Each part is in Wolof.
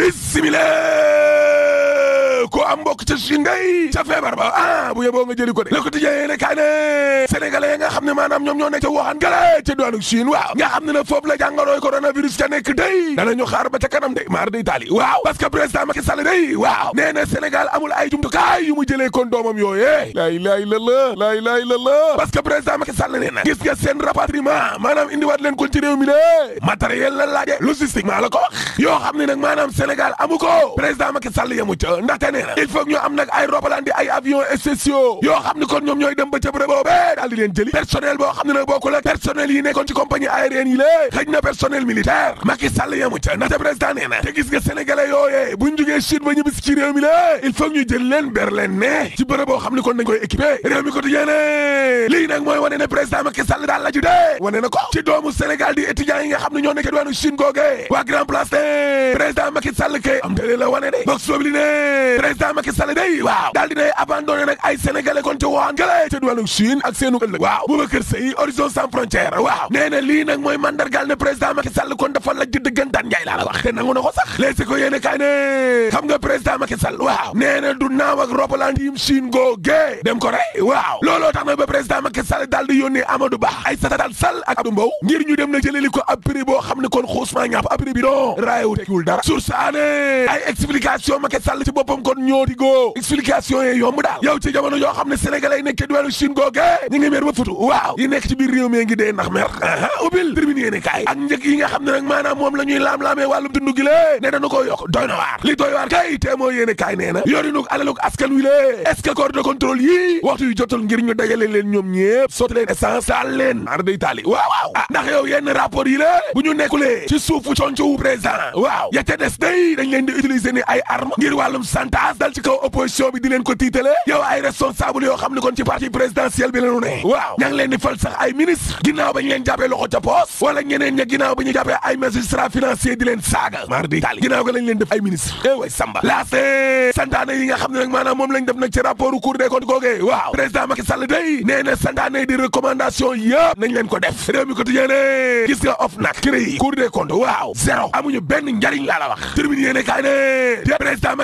bisimila am mbokk ca Chine day ca feebar ba ah bu yeboo nga jëli ko de le quotidien yéene kaa ne sénégalais nga xam ne maanaam ñoom ñoo nekk ca waxaan gale ca doonu Chine waaw nga xam ne na foofu la jàngorooy coronavirus ca nekk day danañu xaar ba ca kanam de maar day taali waaw parce que président Macky Sall day waaw nee na Sénégal amul ay jumtukaay yu mu jëlee kon doomam yooyee laa ilaaha illallaah laa ilaaha illallaah parce que maanaam indiwaat leen kon ci réew mi de matériel la laaje logistique maa la ko wax yoo xam ne nag maanaam Sénégal amu ko président Macky Sall yamu ca ndaxte il faut ñu am nag ay robalaan di ay avion spéciaux yoo xam ni kon ñoom ñooy dem ca bërëb boobee daal di leen jëli personnel boo xam ne nag bokkul ak personnel yi nekkoon ci compagnie aérienne yi lée xëj na personnel militaire Macky Sall yamu ca ndaxte président nee na te gis nga sénégalais yooyee buñ jógee ñu jël leen ber ne ci bërëb boo xam ni kon dañ koy équipé réew ko di yéene lii nag mooy wane ne président Macky Sall daal la wane na ko ci doomu Sénégal di étudiants ma Macky Sall day waaw daal dinay abandonné nag ay sénégalais kon ci woon gëlee ca duwàllu Chine ak seenu ëllëg waaw Boubacar Seye horizon sans frontière waaw nee lii nag mooy mandargal ne président Macky Sall kon dafa la ji dëggantaan njaay laa la wax te nangu na ko sax léegi ko yéene kaay ne xam nga président Macky Sall waaw nee na du naaw ak ropalaan yim Chine googee dem ko rey waaw Mbow ngir ñu dem na jëleli ko ab prix boo xam ne kon xuusmaa ñàpp ab prix bi ay explication mënoo di góo explication yi yomb daal yow ci jamono yoo xam ne sénégalais yi nekk duweelu ci biir réew mi ngi la ñuy laam-laamee wàllum dund gi lée ne dana ko yokk doy na waar li doy waar kay te moo yéene kaay nee waaw waaw ah, des day dañ leen di utiliser ni ay arme ngir wàllum santage ci kaw opposition bi di leen ko tiitale yow ay responsable yoo xam ne kon ci parti présidentiel bi lañu ne waaw ña leen di fal ay ministre ginnaaw ba ñu leen jàppee loxo ca poos wala ñeneen ña ginnaaw ba ñu jàppee ay magistrat financier di leen saaga mardi tali ginnaaw ga lañ leen def ay ministre eh way samba laas eh, santaane yi nga xam ne nag moom lañ def nag ci rapport Cour des comptes googee waaw président Macky Sall day nee ko def réew mi quotidien gis nga of nag ne président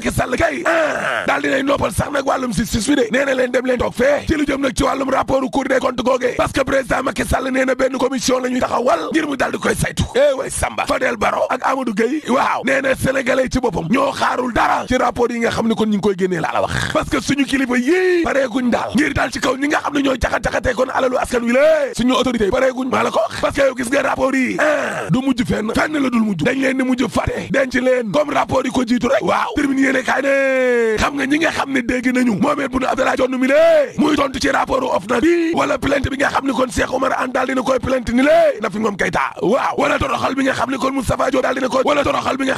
daal dinay noppal sax nag wàllum justice bi de nee leen dem toog fee ci lu jëm nag ci wàllum rapport Cour des comptes googee parce que président Macky Sall nee benn commission la ñuy taxawal ngir mu daal koy saytu eh way Samba Fadel Baro ak Amadou Gueye waaw nee na sénégalais ci boppam ñoo xaarul dara ci rapport yi nga xam ne kon ñu ngi koy génnee la la wax parce que suñu kilifa yii pareeguñ daal ngir daal ci kaw ñi nga xam ne ñoo jaxat-jaxatee kon alalu askan wi xam nga ñi nga xam ne dégg nañu Mohamed mi lée muy tontu ci rapport OFNAC bi wala plainte bi nga xam ni kon Cheikh Oumar Anne daal koy plainte ni lée Nafi Ngom Keïta waaw wala toroxal bi nga xam ni kon Moustapha Diop daal koy toroxal bi nga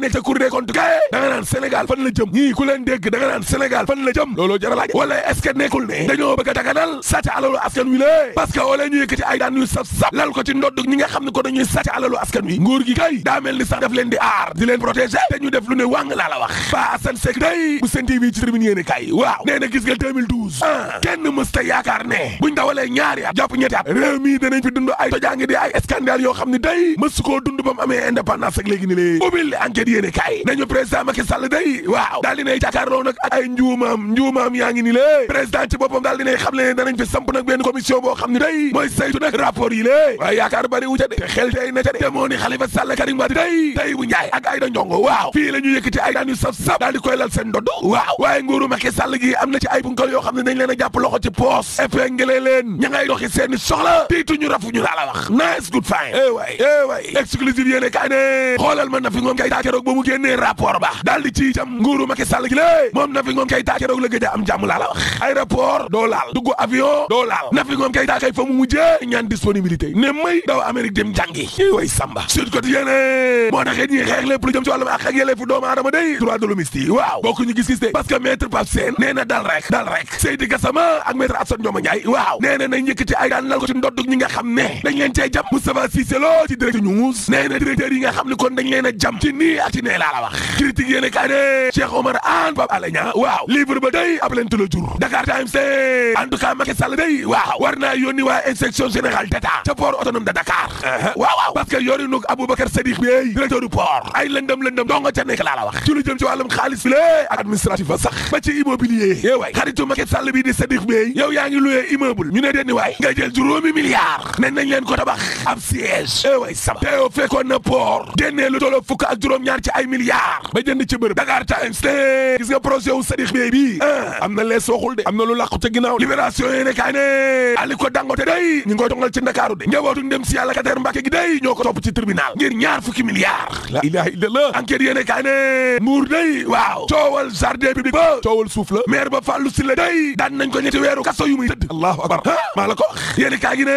nekk ca Cour des comptes kay da naan Sénégal fan la jëm ñii ku leen dégg naan Sénégal fan la jëm looloo jar a laaj nekkul ne dañoo bëgg a daganal sàcc alalu askan wi lée wi nguur gi kay wàng laa la wax ba Assane Seck day bu Sen TV ci tribune yéene kaay waaw nee na gis nga 2012 ah kenn mësta yaakaar ne buñ dawalee ñaari at jàpp ñetti at réew danañ fi dund ay tojaange di ay scandale yoo xam ne day mësu koo dund ba mu amee indépendance ak léegi ni lée ubbil enquête yéene kaay nañu président Macky Sall day waaw daal dinay jàkkaarloo nag ay njuumaam njuumaam yaa ngi ni lée président ci boppam daal dinay xam le ne danañ fi samp boo xam ne day mooy yëkkati ay daan yu saf saf daal di koy lal seen ndodd waaw waaye nguuru Macky Sall gi am na ci ay bunkal yoo xam ne dañ leen a jàpp loxo ci poos épinglé leen ña ngay doxi seen i soxla tiitu ñu rafu ñu laa la wax nice good fine eh waay eh waay exclusive yéene kaay xoolal ma na fi ngoom taa keroog ba mu génnee rapport ba daal di ci jam nguuru Macky Sall gi lée moom na fi ngoom taa keroog la gëj a am jàmm laa wax ay rapport doo laal avion doo aadama day droit de l'hommiste yi waaw bokku ñu gis-gis de parce que maître Pape Sène nee na dal rek dal rek Seydi Gassama ak maître Assane Dioma Ndiaye waaw nee na nañ yëkkati ay daan lal ko ci ndodd ñi nga xam ne dañ leen cay jàpp Moustapha Cissé ci Direct News nee na directeur yi nga xam ne kon dañ leen a jam ci nii ak ci nee laa la wax critique yéene kaa ne Cheikh Omar Anne Pape Alé Niang waaw livre ba day ab leen le jour Dakar Times en tout cas Macky Sall day la wax ci lu jëm ci wàllum xaalis bi administratif ba sax ba ci immobilier yow waay xaritu Macky Sall bii di Sadikh Bey yow yaa ngi loué immeuble ñu ne denni waay nga juróomi milliard nañ nañ leen ko tabax ab siège yow eh waay sama te yow fekkoon na port génnee lu toloo fukk ak juróom-ñaar ci ay milliards ba jënd ci bërëb Dakar Times te gis nga projet wu Sadikh Bey bii a ah, am na lees waxul de am na lu làqu ca ginnaaw libération yéene kaay ne Aliko Dangote day ko topp ci mbuur day waaw coowal jardin public ba coowal suuf la maire ba fàllu si la day daan nañ ko ñetti weeru kaso yu muy tëdd allahu akbar ah maa la ko yéeni kaa gi ne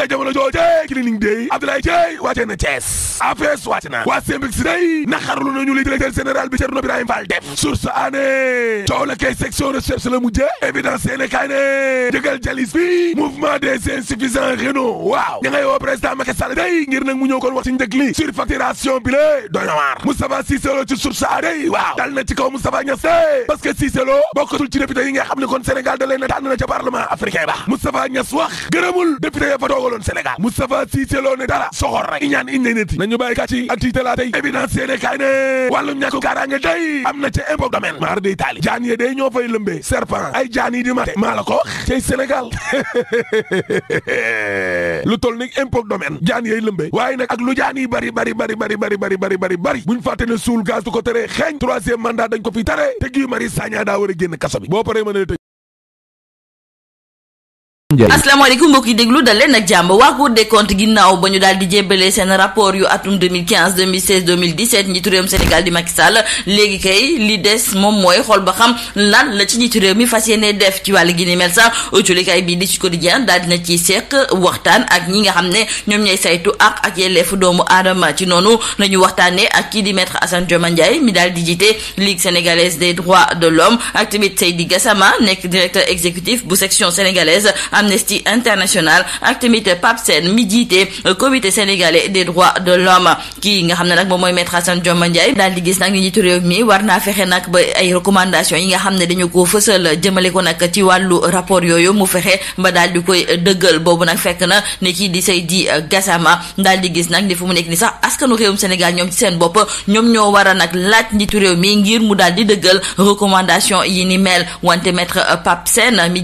ca jamono jooje clinique day Abdoulaye Dieye wàccee na Thiès APS wàcce na waa Sembix day naxarlu nañu li directeur général bi Thierno Birahim Fall def source ané coow la kay section recherche la mujje évidence yéene kaay ne jalis bi mouvement des insuffisants rénaux waaw ña ngay woo président ci sur waaw dal na ci kaw Moustapha Niass parce que Cissé Lo bokkatul ci député yi nga xam ne kon Sénégal da leen a tànn na ca parlement africain ba Moustapha Niass wax gërëmul député ya fa toogaloon Sénégal Moustapha Cissé Lo ne dara soxor rek iñaan iñ ne neti nañu bàyyi kàcci ak tiite laa tey évidence yéene kaay ne wàllum kaaraange day am na ca impôt domaine maar day taali jaan ye day ñoo fay lëmbee serpent ay jaan yi di mate maa la ko cay Sénégal su ko tëree xeeñ troisième mandat dañ ko fi tere te Guy Marius Sagna daa war a génn kaso bi boo paree mën a tëj Ndiaye. asalaamaaleykum mbokk yi déglu dal leen ak jàmm waa Cour des comptes ginnaaw ba ñu daal di jébbalee seen rapport yu atum 2015 2016 2017 Sénégal di Macky Sall léegi kay li des moom mooy xool ba xam lan la ci njiitu réew mi fas yéene def ci wàll gi ni mel sax autolikaay bii di ci quotidien daal dina ciy seq waxtaan ak ñi nga xam ne ñoom ñooy saytu ak ak yelleefu doomu aadama ci noonu nañu waxtaanee ak kii di maître Assane Dioma Ndiaye mi daal di jiite Ligue sénégalaise des droits de l'homme ak tamit Seydi Gassama nekk directeur exécutif bu section sénégalaise Amnesty International ak tamit Pape Sène mi jiite comité sénégalais des droits de l'homme kii nga xam ne nag moom mooy maître Assane Dioma Ndiaye daal di gis nag ñu njiitu réew mi war naa fexe nag ba ay recommandations yi nga xam ne dañu ko fësal jëmale ko nag ci wàllu rapport yooyu mu fexe ba daal di koy dëggal boobu nag fekk na ne kii di Seydi Gassama daal di gis nag ni fu mu nekk ni sax askanu réewum Sénégal ñoom ci seen bopp ñoom ñoo war a nag laaj réew mi ngir mu daal di dëggal recommandation yi ni mel wante maître Pape Sène mi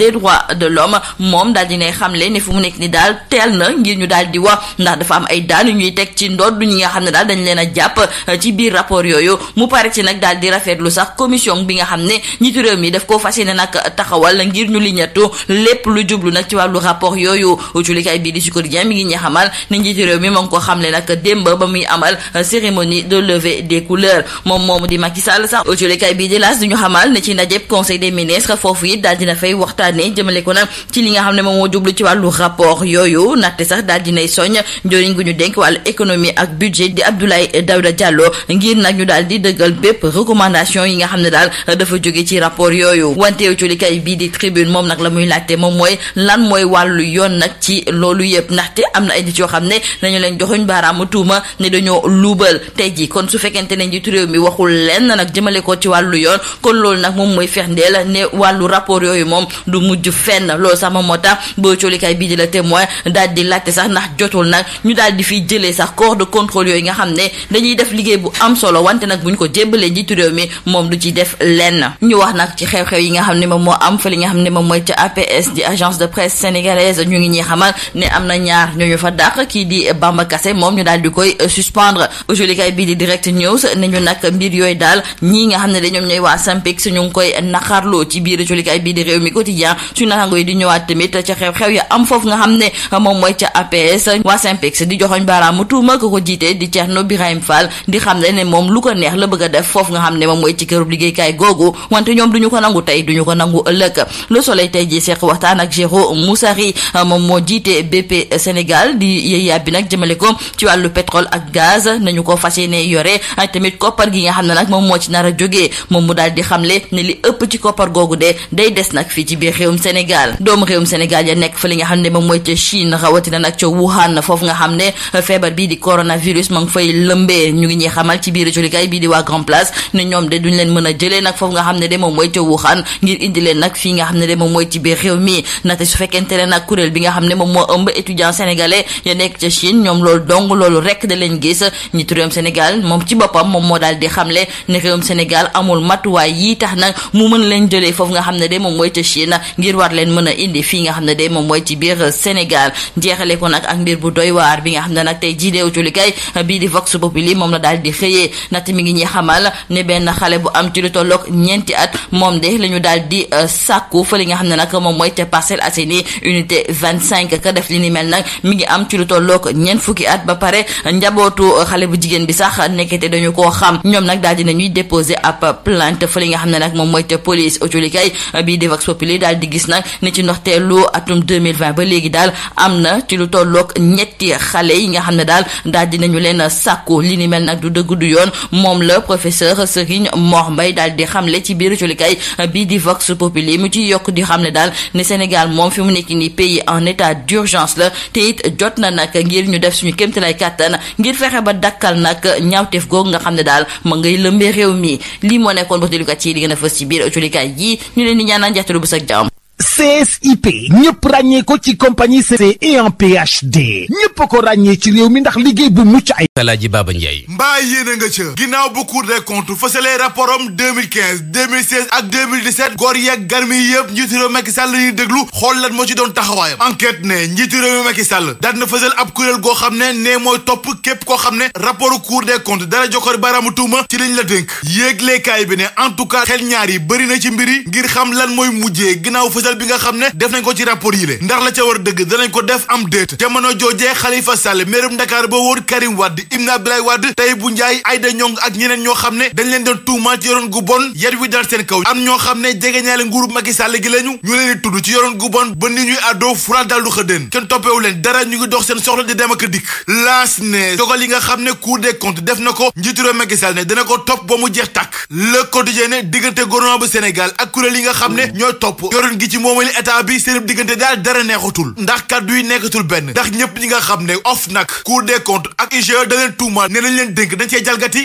des droits de l'homme moom daal dinay xamle ne fu mu nekk ni daal teel na ngir ñu daal di wax ndax dafa am ay daan yu ñuy teg ci ndodd ñi nga xam ne daal dañ leen a jàpp euh, ci biir rapport yooyu mu pare ci nag daal di rafetlu sax commission bi nga xam ne njiitu réew mi daf koo fas yéene nag taxawal ngir ñu liñatu lépp lu jublu nag ci wàllu rapport yooyu culikaay bii di Sud Quotidien mi ngi ñi xamal ne njiitu réew mi moo ngi ko xamle nag démb ba muy amal euh, cérémonie de levée des couleurs moom moom di Macky Sall sax culikaay bii di L'As di ñu xamal ne ci ndajeb conseil des ministres foofu it daal dina fay waxtaan waxtaanee jëmale ko nag ci li nga xam ne moom moo jublu ci wàllu rapport yooyu ndaxte sax daal dinay soñ njëriñ gu ñu dénk wàllu économie ak budget di Abdoulaye Daouda Diallo ngir nag ñu daal di dëggal bépp recommandation yi nga xam ne daal dafa jóge ci rapport yooyu wanteew ci li bii di tribune moom nag la muy laajte moom mooy lan mooy wàllu yoon nag ci loolu yëpp ndaxte am na ay nit xam ne nañu leen joxuñ baaraamu tuuma ne dañoo luubal tey ji kon su fekkente ne njiitu réew mi waxul lenn nag jëmale ko ci wàllu yoon kon loolu nag moom mooy fexndeel ne wàllu rapport yooyu moom du du mujj fenn loolu sax moom moo tax boo coolikaay bii di la témoin daal di laajte sax ndax jotul nag ñu daal di fiy jëlee sax corps de yooyu nga xam ne dañuy def liggéey bu am solo wante nag bu ñu ko jébbalee njiitu réew mi moom du ci def lenn ñu wax nag ci xew-xew yi nga xam ne moom moo am fa li nga xam ne moom mooy ca APS di agence de presse sénégalaise ñu ngi ñuy ne am na ñaar ñooñu fa dàq kii di Bamba Kassé moom ñu daal di koy euh, suspendre coolikaay bii di direct news ne ñu nag mbir yooyu daal ñii nga xam ne da ñoom ñooy quotidien suñu natango yi di ñëwaat tamit ca xew-xew ya am foofu nga xam ne moom mooy ca APS waa SYNPICS di joxoñ baaraamu tuuma ko ko jiite di Thierno Birahim Fall di xam ne ne moom la bëgg a def foofu nga xam ne moom mooy ci kërub liggéeykaay googu wante ñoom ko nangu tey ko nangu ëllëg Le Soleil tey ji seq waxtaan ak Géraud Moussari moom moo jiite BP Sénégal di yëy yàbbi nag jëmale ko ci wàllu pétrole ak gaz nañu ko fas yéene yore tamit koppar gi nga xam ne nag moom moo ci nar a jógee moom mu daal di xamle ne li ëpp ci koppar googu de day des nag fii ci biir réewum Sénégal doomu réewum Sénégal ya nekk fa li xam ne moom mooy ca Chine rawatina nag ca Wuhan foofu nga xam ne feebar bii ñoom moom mooy ca Wuhan ne de moom mooy ci biir réew mi xam ne moom moo ëmb étudiant sénégalais ya nekk ca Chine ñoom loolu dong loolu rek da leen gis ñi réewum Sénégal moom ci boppam moom moo daal di xamle ne réewum Sénégal amul matuwaay yi tax nag mu mën leen jëlee foofu nga xam ne de moom mooy ca Chine ngir war leen mën a indi fii nga xam ne day moom mooy ci biir Sénégal jeexale ko nag ak mbir bu doy waar bi nga xam ne nag tey jii deewu culikay bii di Vox Populi moom la daal di xëyee nat mi ngi ñuy xamal ne benn xale bu am ci lu tolloog ñeenti at moom de la daal di euh, sàkku fa li nga xam ne nag moom mooy te Parcelles Assainies unité 25 ka def li ni mel nag mi ngi am ci lu tolloog ñeent fukki at ba pare njabootu euh, xale bu jigéen bi sax nekkete dañu koo xam ñoom nag daal dinañuy déposer ab plainte fa li nga xam ne nag moom mooy te police autolikay daal di gis nag ne ci ndoxteelu atum 2020 ba léegi daal am na ci lu tolloog ñetti xale yi nga xam ne daal daal dinañu leen sàkku li ni mel nag du dëgg du yoon moom la professeur Serigne Mor Mbaye daal di xamle ci biir colikaay bii di Vox Populi mu ci yokk di xam ne daal ne Sénégal moom fi mu nekk nii pays en la te it jot na nag ngir ñu def suñu kéemtalaay kàttan ngir fexe ba dakkal nag ñaawteef googu nga xam ne daal ma ngay lëmbee réew mi lii yi ñu leen di ñaanaan njeextalu bu sag jaww CSIP ñëpp ràññee ko ci compagnie CC et en ko ràññee ci réew mi ndax liggéey bu mucc ay. Alaaji Baba Ndiaye. mbaa yéene nga ca ginnaaw bu Cour des comptes fësalee rapportam 2015 2016 ak 2017 góor yeeg garmi yëpp njiitu réew Macky Sall ñuy déglu xool lan moo ci doon taxawaayam enquête ne njiitu réew Macky Sall daan na fësal ab kuréel goo xam ne nee mooy topp képp koo xam ne rapport Cour des comptes dara jokkoo baaraamu tuuma ci liñ la dénk yéeg bi ne en tout cas ñaar yi bëri na ci mbir yi ngir xam lan mooy mujjee ginnaaw fësal nga xam ne def nañ ko ci rapport yi le ndax la ca war dëgg danañ ko def am déet jamono joojee Khalifa Sall meerum Dakar ba wóor Karim Wade Ibn Abdoulaye Wade Tahibou Ndiaye Aïda Niong ak ñeneen ñoo xam ne dañ leen doon tuumaa ci yoroon gu bon yat wi ñoo xam ne jege ñaale nguurub Macky na ko njiitu réew Macky Sall ne dana ko topp ba mu jeex tàkk le quotidien ne diggante gouvernement bu Sénégal ak kuréel yi nga xam ne ñooy topp yoroon gi ci moom coowali état bi seen diggante daal dara neexatul ndax kaddu yi nekkatul benn ndax ñëpp ñi nga xam ne OFNAC Cour des comptes ak IGE da leen tuumaal ne nañ leen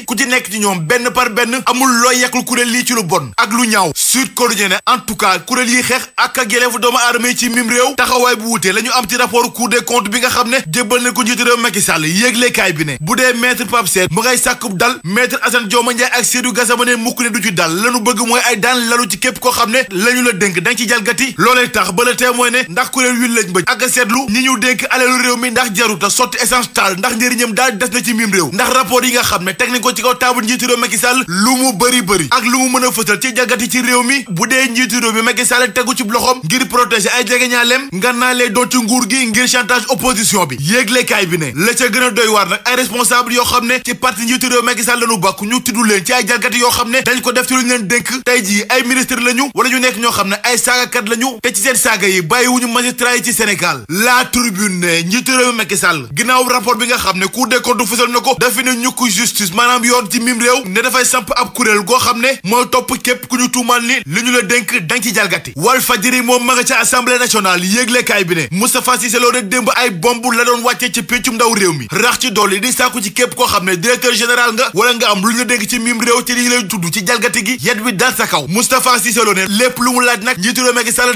ku ci nekk ci ñoom benn par benn amul looy yekkul kuréel lii ci lu ak lu ñaaw Sud Quotidien en tout cas kuréel yi xeex ak ak yeleefu doomu aadama yi réew taxawaay wutee la ñu am ci rapport Cour des bi nga xam ne jébbal nañ ko njiitu réew Macky Sall yéeglekaay bi ne bu dee maître Pape Sène mu ngay sàkkub dal maître Assane Dioma Ndiaye ak Seydou Gassama ne mukk ne du ci dal lañu bëgg mooy ay daan lalu ci képp koo xam ne lañu la dénk danga ci jalgati bi loolee tax ba la témoin ne ndax kuréel wi lañ bëj ak seetlu ñi ñu dénk alalu réew mi ndax jaruta sotti essence taal ndax njëriñam daal des na ci miim réew ndax rapport yi nga xam ne teg nañ ko ci kaw taabul njiitu réew Macky Sall lu mu bëri bëri ak lu mu mën a ci jagati ci réew mi bu dee njiitu réew mi Macky Sall tegu ci loxoom ngir protéger ay jege jegeñaaleem nga naa lay doon ci nguur gi ngir chantage opposition bi yéeglekaay bi ne la ca gën a doy waar yoo xam ne ci parti njiitu Sall lañu bokk ñu tudd leen ci ay jalgati yoo xam ne dañ ko def ci luñ leen dénk tey jii ay ministre lañu wala ñu nekk ñoo xam ne ay saagakat lañu nañu te ci seen saaga yi bàyyiwuñu magistrat yi ci Sénégal la tribune ne njiitu réew mi Macky Sall rapport bi nga xam ne Cour des comptes fësal na ko dafi ne ñukk justice maanaam yoon ci mim réew ne dafay samp ab kuréel goo xam ne mooy topp képp ku ñu tuumal ni li ñu la dénk dang ci jalgati Walf Fadjri moom ma nga ca assemblée nationale yéeglekaay bi ne Moustapha Cissé Lo rek démb ay bomb la doon wàccee ci péccum ndaw réew mi rax ci dolli di sàkku ci képp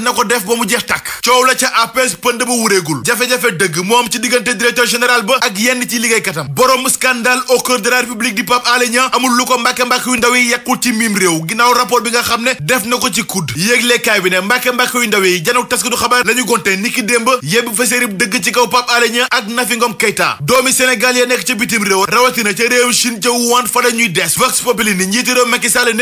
Sénégal na ko def ba mu jeex tàkk coow la ca APS pënd ba wureegul jafe-jafe dëgg moom ci diggante directeur général ba ak yenn ci liggéeykatam borom scandale au cœur de la République di Pape Alé amul lu ko mbàkke-mbàkke yu ndaw yi yekkul ci miim réew ginnaaw rapport bi nga xam ne def na ko ci kudd yéeglekaay bi ne mbàkke-mbàkke yu ndaw yi janook taskatu xabaar lañu gonte ni ki démb yebbu fa dëgg ci kaw Pape Alé ak Nafi Ngom Keïta doomi Sénégal ya nekk ca bitim réew rawatina ca réew Chine ca Wuhan fa la ñuy des vox populi ni njiiti réew Macky Sall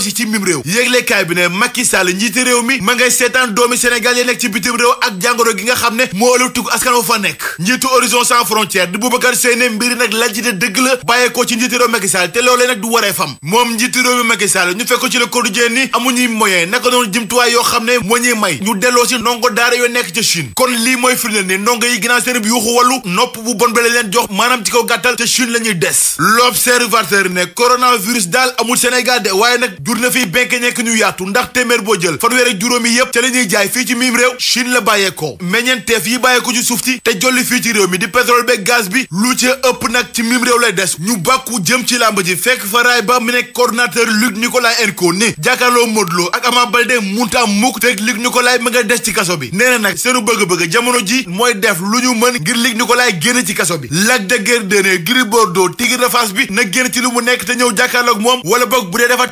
si ci miim réew yéeglekaay bi Macky Sall njiiti réew mi ma ngay seetaan doomi Sénégal yi nekk ci bitim réew ak jàngoro gi nga xam ne moo la tugg askan wu fa nekk njiitu Horizon sans frontières di Boubacar Sèye mbiri nag lajjite dëgg la bàyyeekoo ci njiiti réew Macky Sall te loolee nag du waree fam moom njiiti réew mi Macky Sall ñu fekk ci le quotidien ni amuñuy moyen naka noonu jumtuwaay yoo xam ne moo ñuy may ñu delloo si ndongo daara yoo nekk ca Chine kon lii mooy firndeel ni ndongo yi ginnaaw seen bi yuuxu wàllu nopp bu bon bale leen jox maanaam ci kaw gàttal te Chine la ñuy des l'observateur ne coronavirus daal amul Sénégal de waaye nag jur na fi benk nekk ñu yaatu ndaxte téeméer boo jël fanweer ak juróomi yépp ca la ñuy jaay fii ci miim réew Chine la bàyyeekoo meññeenteef yi bàyyeeko ci suuf ti te jolli fii ci réew mi di pétrole beeg gaz bi lu ci ëpp nag ci miim réew lay des ñu bàkku jëm ci làmb ji fekk fa raay ba mu nekk coordonnateur Luc Nicolas Enco ni jàkkaarloo Modou ak Ama Baldé munta am mukk te Luc Nicolas ma nga des ci kaso bi nee na nag seenu bëgg-bëgg jamono ji mooy def lu ñu mën ngir Luc Nicolas génn ci kaso bi Lac de Guiers 2 Gris Bordeaux Tigre bi na génn ci mu nekk te ñëw jàkkaarloog moom wala boog bu dee dafa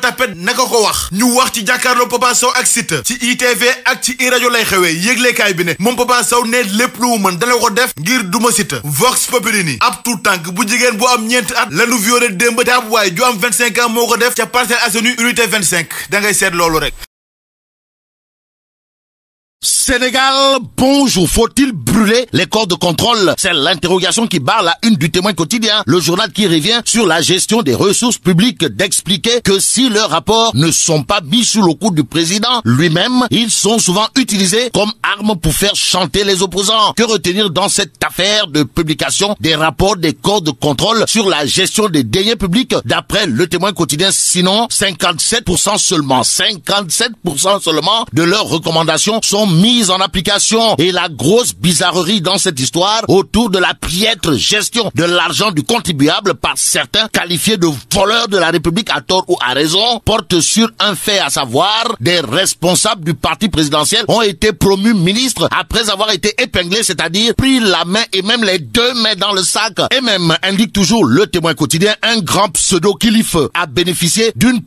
Papa Sow ak Siteu ci ITV ak ci i rajo lay xewee yëglekaay bi ne moom Papa Sow ne lépp lu mu mën ko def ngir duma Siteu Vox Populi ni ab tout tànk bu jigéen bu am ñeenti at lanu violé démb te ab waay ju am 25 ans moo ko def ca Parcelles Assainies unité 25 da dangay seet loolu rek Sénégal, bonjour. Faut-il brûler les corps de contrôle C'est l'interrogation qui barre la une du témoin quotidien, le journal qui revient sur la gestion des ressources publiques d'expliquer président lui-même, ils sont souvent utilisés comme arme pour faire chanter les opposants. Que retenir dans cette des rapports des corps de sur la gestion des deniers publics d'après le témoin quotidien Sinon, 57% seulement, 57% seulement de leurs recommandations sont mise en application. Et la grosse bizarrerie dans cette histoire autour de la piètre gestion de l'argent du contribuable par certains qualifiés de voleurs de la République à tort ou à raison porte sur un fait à savoir des responsables du parti présidentiel ont été promus ministres après avoir été épinglés, c'est-à-dire pris la main et même les deux mains dans le sac. Et même, indique toujours le témoin quotidien, un grand pseudo-kilife a bénéficié d'une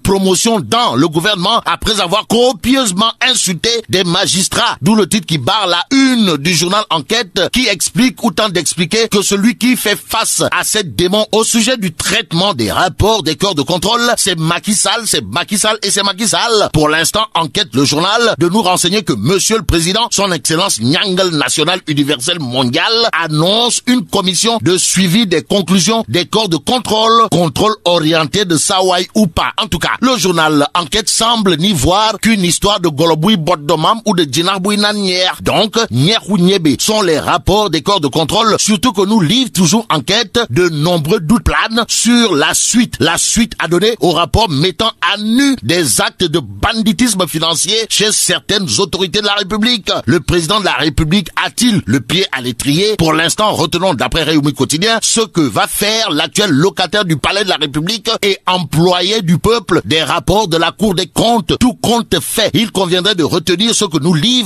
des magistrats Voilà, d'où le titre qui barre la une du journal Enquête qui explique ou tente d'expliquer que celui qui fait face à cette démon au sujet du traitement des rapports des corps de contrôle, c'est Macky c'est Macky et c'est Macky Pour l'instant, Enquête le journal de nous renseigner que Monsieur le Président, son Excellence Nyangal National Universel Mondial, annonce une commission de suivi des conclusions des corps de contrôle, contrôle orienté de Sawai ou pas. tout cas, le journal buy naan ñeex donc ñeexu ñebe sont les rapports des corps de contrôle surtout que nous livre toujours enquête de nombreux doutes planent sur la suite la suite à donner au rapport mettant à nu des actes de banditisme financier chez certaines autorités de la République le président de la République a-t-il le pied à l'étrier pour l'instant retenons d'après Réumi quotidien ce que va faire l'actuel locataire du palais de la République et employé du peuple des rapports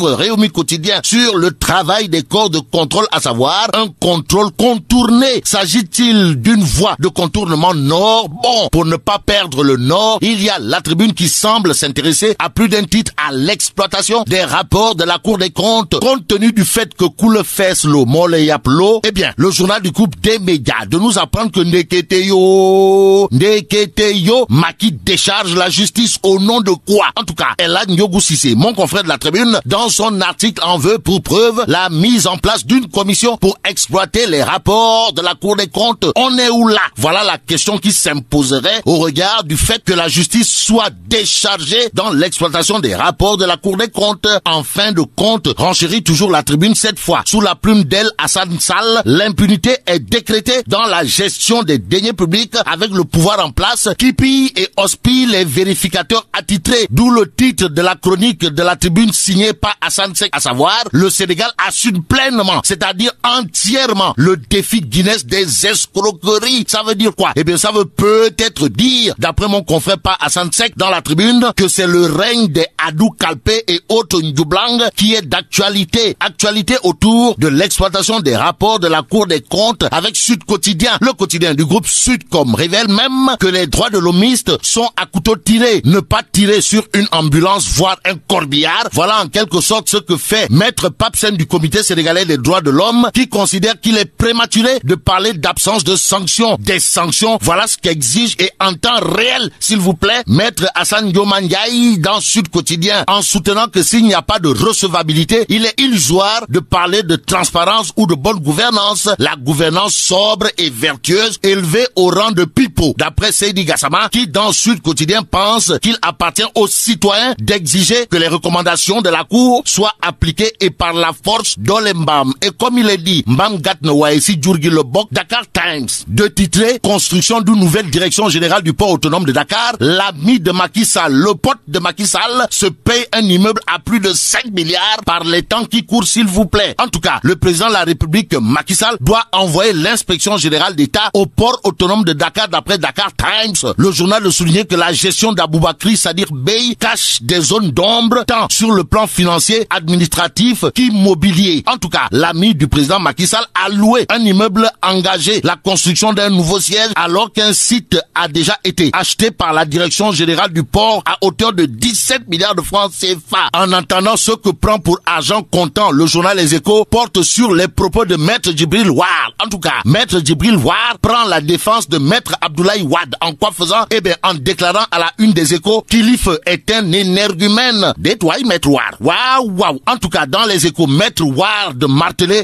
livre Réumi Quotidien sur le travail des corps de contrôle, à savoir un contrôle contourné. S'agit-il d'une voie de contournement nord Bon, pour ne pas perdre le nord, il y a la tribune qui semble s'intéresser à plus d'un titre à l'exploitation des rapports de la Cour des comptes, compte tenu du fait que Koulefes, Moleyaplo, eh bien, le journal du groupe des médias de nous apprendre que Neketeyo, Neketeyo, Maki décharge la justice au nom de quoi En tout cas, Elan son article en veut pour preuve la mise en place d'une commission pour exploiter les rapports de la Cour des comptes. On est où là Voilà la question qui s'imposerait au regard du fait que la justice soit déchargée dans l'exploitation des rapports de la Cour des comptes. En fin de compte, renchérit toujours la tribune cette fois. Sous la plume d'El Hassan Sall, l'impunité est décrétée dans la gestion des deniers publics avec le pouvoir en place qui les vérificateurs attitrés. D'où le titre de la chronique de la à savoir, le Sénégal assume pleinement, c'est-à-dire entièrement, le défi Guinness des escroqueries. Ça veut dire quoi Eh bien, ça veut peut-être dire, d'après mon confrère par Hassan dans la tribune, que c'est le règne des Adou Kalpé et autres Ndjoublang qui est d'actualité. autour de l'exploitation des rapports de la Cour des comptes avec Sud Quotidien. Le quotidien du groupe Sudcom révèle même que les droits de l'homiste sont à couteau tiré. Ne pas tirer sur une en sorte ce que fait Maître Papsen du Comité sénégalais des droits de l'homme qui considère qu'il est prématuré de parler d'absence de sanctions. Des sanctions, voilà ce qu'exige et en temps réel, s'il vous plaît, Maître Hassan Diomandiaï dans Sud Quotidien en soutenant que s'il n'y a pas de recevabilité, il est illusoire de parler de transparence ou de bonne gouvernance. La gouvernance sobre et vertueuse élevée au rang de pipeau. D'après Seydi Gassama, qui dans Sud Quotidien pense de la ko soit appliqué et par la force doole mbaam et comme il est dit mbaam gàtt na waaye si jur gi la bokk Dakar Times de titrer construction d'une nouvelle direction générale du port autonome de Dakar l'ami de Macky Sall le pote de Macky Sall se paye un immeuble à plus de cinq milliards par les temps qui courent s'il vous plaît en tout cas le président de la République Macky Sall doit envoyer l'inspection générale d'État au port autonome de Dakar d'après Dakar Times le de souligner la gestion d'Aboubakry Sadikh foncier, administratif qu'immobilier. En tout cas, l'ami du président Macky Sall a loué un immeuble engagé, la construction d'un nouveau siège, alors qu'un site a déjà été acheté par la direction générale du port à hauteur de 17 milliards de francs CFA. En entendant ce que prend pour agent comptant, le journal Les Échos porte sur les propos de Maître Djibril War. En tout cas, Maître Djibril War prend la défense de Maître Abdoulaye Wad. En quoi faisant? Eh bien, en déclarant à la une des Échos qu'Ilif est Waouh, waouh. En tout cas, dans les échos, Maître Ward de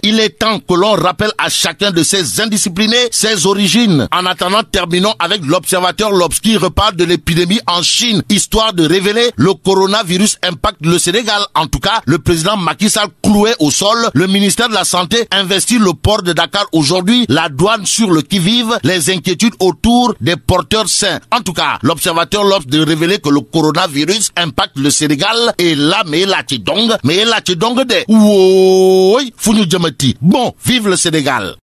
il est temps que l'on rappelle à chacun de ces indisciplinés ses origines. En attendant, terminons avec l'observateur Lobs qui reparle de l'épidémie en Chine, histoire de révéler le coronavirus impacte le Sénégal. En tout cas, le président Macky cloué au sol, le ministère de la Santé investit le port de Dakar aujourd'hui, la douane sur le qui-vive, les inquiétudes autour des porteurs sains. En tout cas, l'observateur Lobs de révéler que le coronavirus impacte dong mais laaj ci dong de wooy fu ñu jëmati bon vive le Sénégal